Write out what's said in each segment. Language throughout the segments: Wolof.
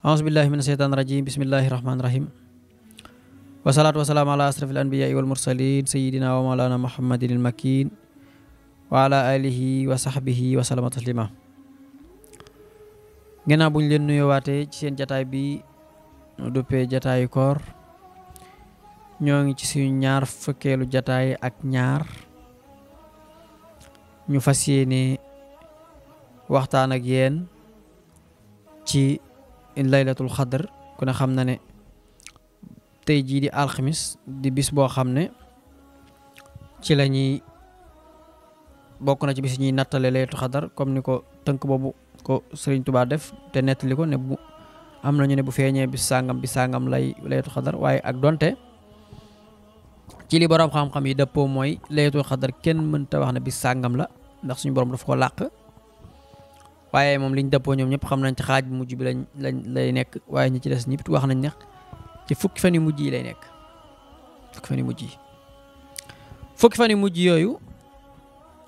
A'udzubillahiminasyaitanirrajim. Bismillahirrahmanirrahim. Wassalatu wassalamu ala asrafil anbiya wal mursalin sayyidina wa maulana Muhammadin makin wa ala alihi wa sahbihi wa sallam taslima. Gannaaw bu ñu leen nuyoowaatee ci seen jataay bi nu duppee jataayu koor ñoo ngi ci suñu ñaar fukkeelu jataay ak ñaar ñu fas waxtaan ak ci laylatul xadar ku ne xam na ne tey jii di alxamis di bis boo xam ne ci la ñuy bokk na ci bis ñuy nattale laylatul xadar comme ni ko tënk boobu ko Sëriñ Tuubaa def te nettali ko ne bu am nañu ne bu feeñee bis sàngam bis sàngam lay laylatul xadar waaye ak donte ci li borom xam-xam yi dëppoo mooy laylatul xadar kenn mënta wax na bis sàngam la ndax suñu borom daf ko làq waye mom liñ dëppoo ñom ñep xam nañ ci xaaj mujj bi lañ lay nekk waye ñi ci des ñëpp wax nañ nekk ci fukki fani mujj yi lay nekk fukki fani mujj yi fukki fan mujj yoyu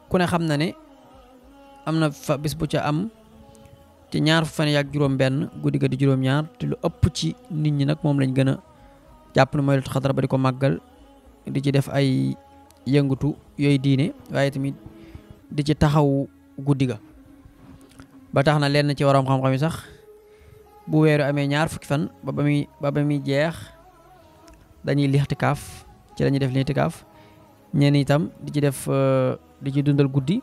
ku ne xam na ne amna fa bis bu ci am ci ñaar fani yak juroom ben gudi ga di juróom-ñaar te lu upp ci nit ñi nak mom lañ gëna japp jàpp ne mooy ba di ko màggal di ci def ay yëngatu yoy diine waye tamit di ci taxaw gudi ga. ba tax na lenn ci waroom xam-xam yi sax bu weeru amee ñaar fukki fan ba ba muy ba muy jeex dañuy lixtikaaf ci lañuy def lixtikaaf ñen itam di ci def euh, di ci dundal guddi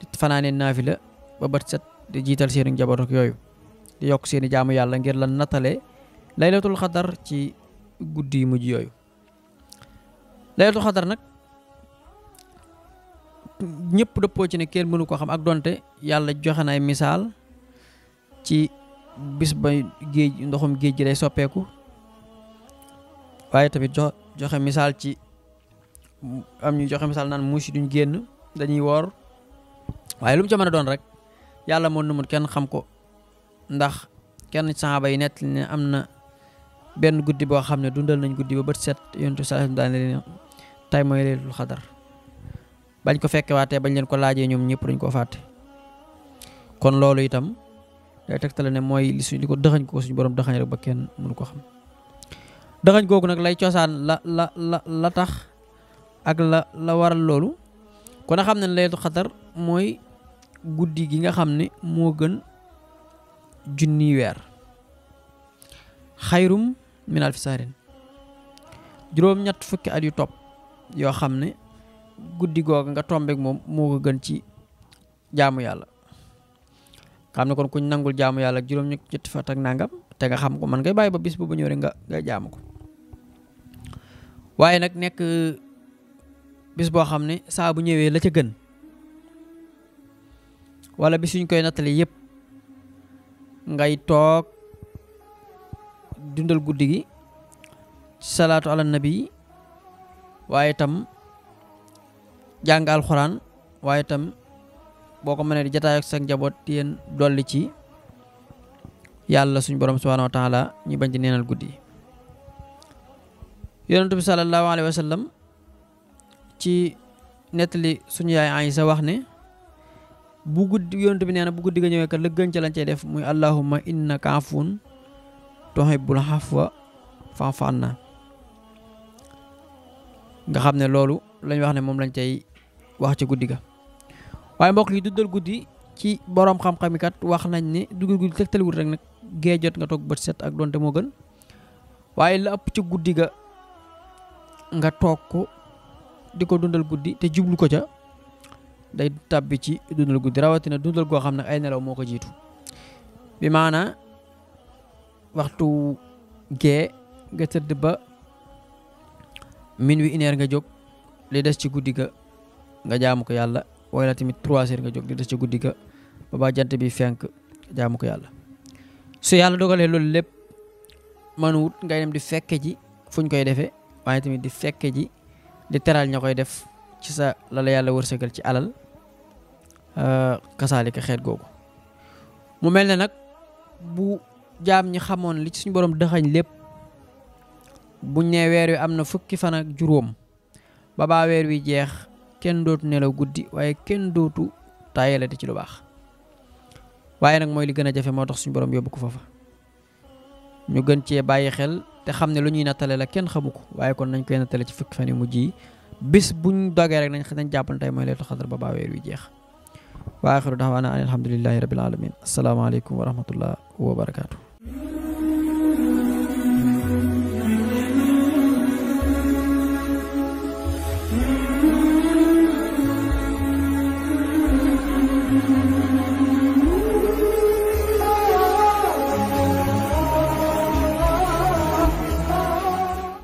di fanaanee naafila ba bët set di jiital seeni njaboot yooyu di yokk seeni jaamu yàlla ngir la nattale laylatul xadar ci guddi yu mujj yooyu laylatul xadar nag ñëpp dëppoo ci ne kenn mënu ko xam ak donte yàlla joxe na ay misaal ci bis ba géej ndoxum géej gi day soppeeku waaye tamit joxe misaal ci am ñu joxe misaal naan musi duñ génn dañuy woor waaye lu mu ca doon rek yàlla na numut kenn xam ko ndax kenn saxaaba yi nett ne am na benn guddi boo xam ne dundal nañ guddi ba bët set yontu sallallahu alayhi wa sallam daane leen xadar bañ ko fekkewaatee bañ leen ko laajee ñoom ñëpp dañ koo fàtte kon loolu itam day tegtale ne mooy li su li ko dëxañ ko suñu borom dëxañ rek ba kenn mënu ko xam dëxañ googu nag lay cosaan la la la la tax ak la la waral loolu kon a xam ne laytu xatar mooy guddi gi nga xam ne moo gën junni weer xayrum min alfi saarin juróom-ñett fukki at yu topp yoo xam ne guddi googu nga tombeek moom moo ko gën ci jaamu yàlla xam ne kon kuñ nangul jaamu yàlla ak juróom ñetti fat ak nangam te nga xam ko man ngay bàyyi ba bis bu ba ñëw rek nga ko waaye nag nekk euh, bis boo xam ne saa bu ñëwee la ca gën wala bis yuñ koy nattali yëpp ngay toog dundal guddi gi salaatu ala nabi waaye tam jangal alquran waye tam boko mene di jotaay ak sax njaboot tien doli ci yalla suñu borom subhanahu wa taala ñu bañ di neenal guddi yaronte bi sallallahu alaihi wasallam ci netli suñu yaay aisha wax ne bu gudd yaronte bi neena bu gudd ga ñewé ka la gën lañ cey def muy allahumma innaka afun tuhibbul hafwa fa'fu anna nga xamne lolu lañ wax ne mom lañ cey wax ci guddi ga waaye mbokk yi duddal guddi ci boroom xam-xam kat wax nañ ni dugal guddi tegtaliwut rek nag gee jot nga toog bët set ak donte moo gën waaye la ëpp ci guddi ga nga toog ko di ko dundal guddi te jublu ko ca day tàbbi ci dundal guddi rawatina dundal goo xam ne ay nelaw moo ko jiitu bi maanaa waxtu gee nga tëdd ba minuit une heure nga jóg li des ci guddi ga nga jaamu ko yàlla wala tamit trois heures nga jóg di des ci guddi ga ba ba jant bi fenk jaamu ko yàlla su yàlla dogalee loolu lépp man wut ngay dem di fekke ji fuñ koy defee waaye tamit di fekke ji di teral ña koy def ci sa la la yàlla wërsëgal ci alal euh, kasaalika xeet googu mu mel ne nag bu jaam ñi xamoon li ci suñ borom dëxañ lépp buñ ne weer wi am na fukki fan ak juróom ba baa weer wi jeex kenn dootu nelaw guddi waaye kenn dootu taayalati ci lu baax waaye nag mooy li gën a jafe moo tax suñu borom yóbbu ko foofa ñu gën cee bàyyi xel te xam ne lu ñuy nattale la kenn xamu ko waaye kon nañ koy nattale ci fukki fa yu mujj yi bis buñ dogee rek nañ nañ jàpp tey mooy leetu xadar ba baa weer wi jeex wa axiru da'waana an alhamdulillahi rabbil alamin asalaamaaleykum wa rahmatullah wa barakaatu.